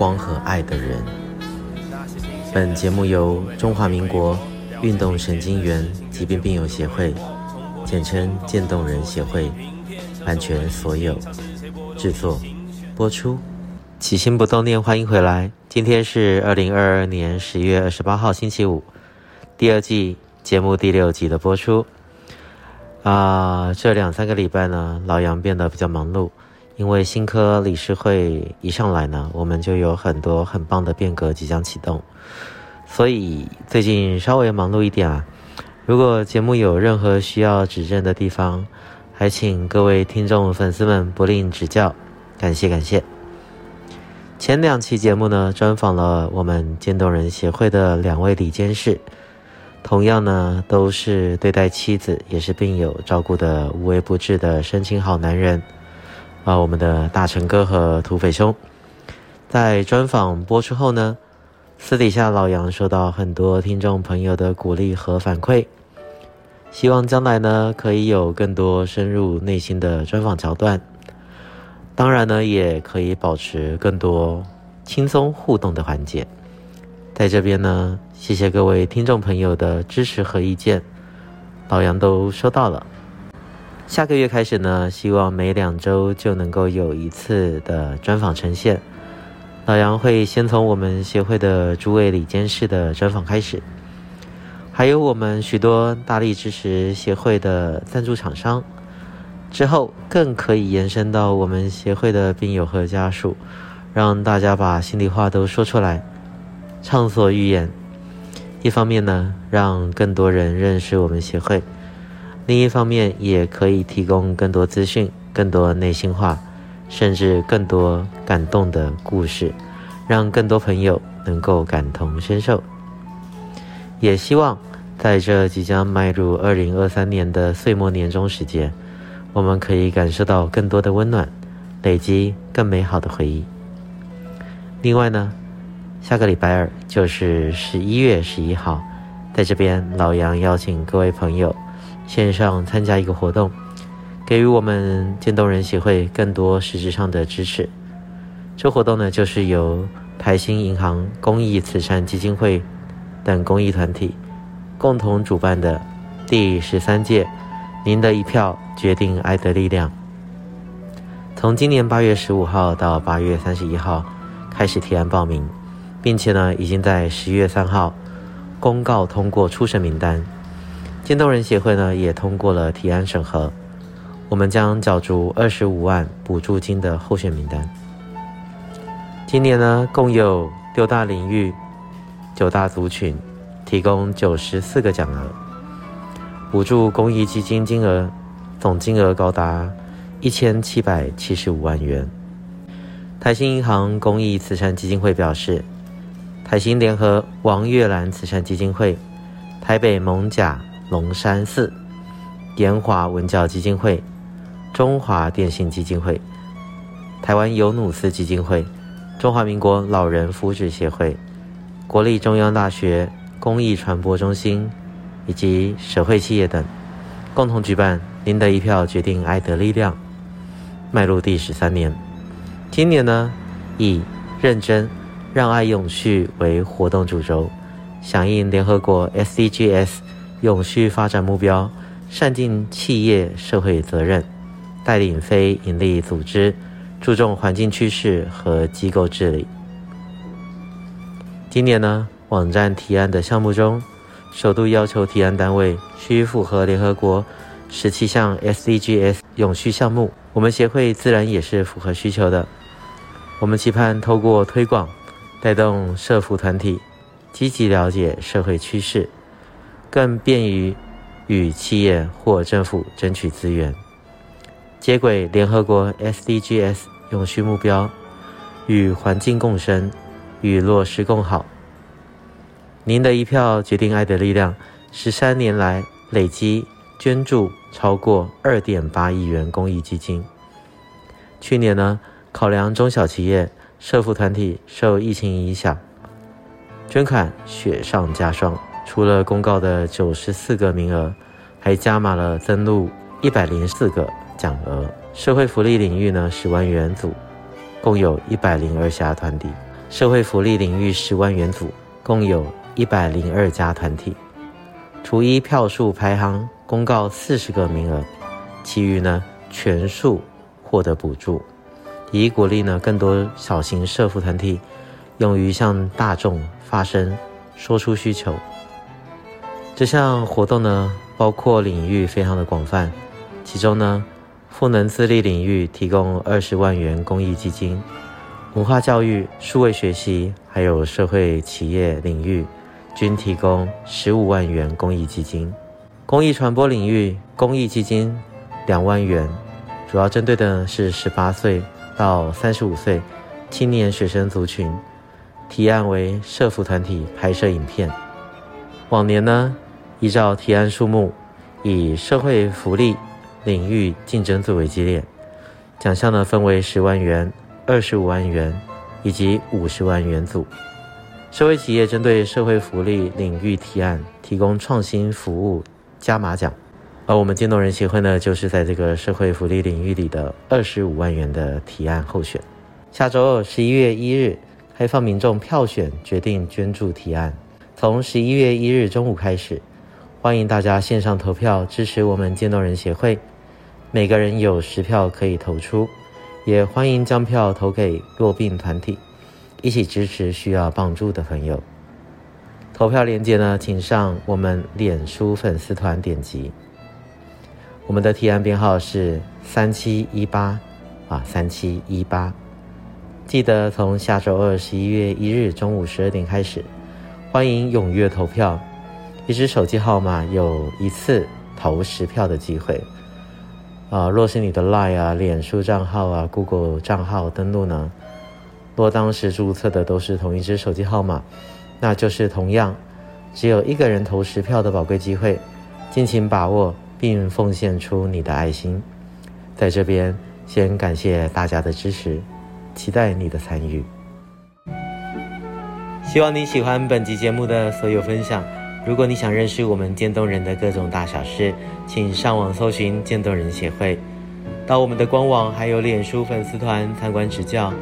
光和愛的人。本節目由中華民國運動神經元疾病病友協會，簡稱漸凍人協會，版權所有，制作播出。起心不凍念，歡迎回來。今天是二零二二年十月二十八號星期五，第二季節目第六集的播出。啊、呃，這兩三個禮拜呢，老羊變得比較忙碌。因為新科理事會一上來呢，我們就有很多很棒的變革即將啟動，所以最近稍微忙碌一點啊。如果節目有任何需要指正的地方，還請各位聽眾粉絲們不吝指教，感謝感謝。前兩期節目呢，專訪了我們漸凍人協會的兩位理監事，同樣呢，都是對待妻子也是病友照顧的無微不至的深情好男人。啊、呃，我們的大承哥和土匪兄，在專訪播出後呢，私底下老羊收到很多聽眾朋友的鼓勵和反饋，希望將來呢可以有更多深入內心的專訪橋段，當然呢也可以保持更多輕鬆互動的環節。在這邊呢，謝謝各位聽眾朋友的支持和意見，老羊都收到了。下個月開始呢，希望每兩週就能夠有一次的專訪呈現。老羊會先從我們協會的諸位理監事的專訪開始，還有我們許多大力支持協會的贊助廠商，之後更可以延伸到我們協會的病友和家屬，讓大家把心裡話都說出來，暢所欲言。一方面呢，讓更多人認識我們協會。另一方面，也可以提供更多資訊、更多內心話，甚至更多感動的故事，讓更多朋友能夠感同身受。也希望在這即將邁入二零二三年的歲末年終時節，我們可以感受到更多的溫暖，累積更美好的回憶。另外呢，下個禮拜二就是十一月一號，在這邊，老羊邀請各位朋友，線上參加一個活動，給予我們漸凍人協會更多實質上的支持。這活動呢，就是由台新銀行公益慈善基金會等公益團體共同主辦的第十三屆“您的一票決定愛的力量”。從今年八月十五號到八月三十一號開始提案報名，並且呢，已經在十一月三號公告通過初審名單。漸凍人協會呢，也通過了提案審核，我們將角逐二十五萬補助金的候選名單。今年呢，共有六大領域、九大族群提供九十四個獎額，補助公益基金金，金額、總金額高達一千七百七十五萬元。台新銀行公益慈善基金會表示，台新聯合王月蘭慈善基金會、台北艋舺龍山寺、研華文教基金會、中華電信基金會、台灣尤努斯基金會、中華民國老人福祉協會、國立中央大學公益傳播中心以及社會企業等，共同舉辦“您的一票決定愛的力量”，邁入第十三年。今年呢，以“認真讓愛永續”為活動主軸，響應聯合國 SDGs。永續發展目標，善盡企業社會責任，帶領非營利組織，注重環境趨勢和機構治理。今年呢，網站提案的項目中，首度要求提案單位需符合聯合國十七項 SDGs 永續項目。我們協會自然也是符合需求的。我們期盼透過推廣，帶動社福團體積極了解社會趨勢。更便於與企業或政府爭取資源，接軌聯合國 SDGs 永續目標，與環境共生，與弱勢共好。您的一票決定愛的力量，十三年來累計捐助超過二點八億元公益基金。去年呢，考量中小企業、社福團體受疫情影響，捐款雪上加霜。除了公告的九十四個名額，還加碼了增錄一百零四個獎額。社會福利領域呢，十萬元組，共有一百零二家團體；社會福利領域十萬元組，共有一百零二家團體。除依票數排行公告四十個名額，其餘呢全數獲得補助，以鼓勵呢更多小型社福團體，勇於向大眾發聲，說出需求。這項活動呢，包括領域非常的廣泛，其中呢，復能自立領域提供二十萬元公益基金，文化教育、數位學習，還有社會企業領域，均提供十五萬元公益基金。公益傳播領域公益基金兩萬元，主要針對的是十八歲到三十五歲青年學生族群，提案為社福團體拍攝影片。往年呢，依照提案數目，以社會福利領域競爭最為激烈。獎項呢，分為十萬元、二十五萬元以及五十萬元組。社會企業針對社會福利領域提案提供創新服務，加碼獎。而我們漸凍人協會呢，就是在這個社會福利領域裡的二十五萬元的提案候選。下周二、十一月一日開放民眾票選，決定捐助提案。從十一月一日中午開始。歡迎大家線上投票支持我們漸凍人協會，每個人有十票可以投出，也歡迎將票投給弱病團體，一起支持需要幫助的朋友。投票鏈接呢，請上我們臉書粉絲團點擊。我們的提案編號是三七一八啊，三七一八，記得從下週二、十一月一日中午十二點開始，歡迎踴躍投票。一支手機號碼有一次投十票的機會，啊、呃，若是你的 Line 啊、臉書賬號啊、Google 賬號登錄呢，若當時註冊的都是同一支手機號碼，那就是同樣只有一個人投十票的寶貴機會，敬請把握並奉獻出你的愛心。在這邊先感謝大家的支持，期待你的參與。希望你喜歡本集節目的所有分享。如果你想認識我們漸凍人的各種大小事，請上網搜尋漸凍人協會，到我們的官網還有臉書粉絲團參觀指教，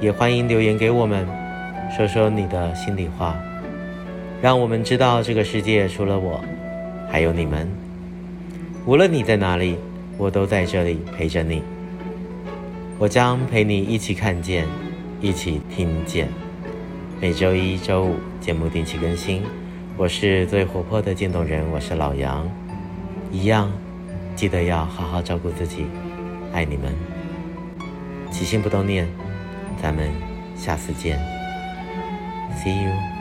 也歡迎留言給我們，說說你的心裡話，讓我們知道這個世界除了我，還有你們。無論你在哪裡，我都在這裡陪着你。我將陪你一起看見，一起聽見。每周一、周五節目定期更新。我是最活潑的漸凍人，我是老楊，一樣，記得要好好照顧自己，愛你們，起心不凍念，咱們下次見，See you。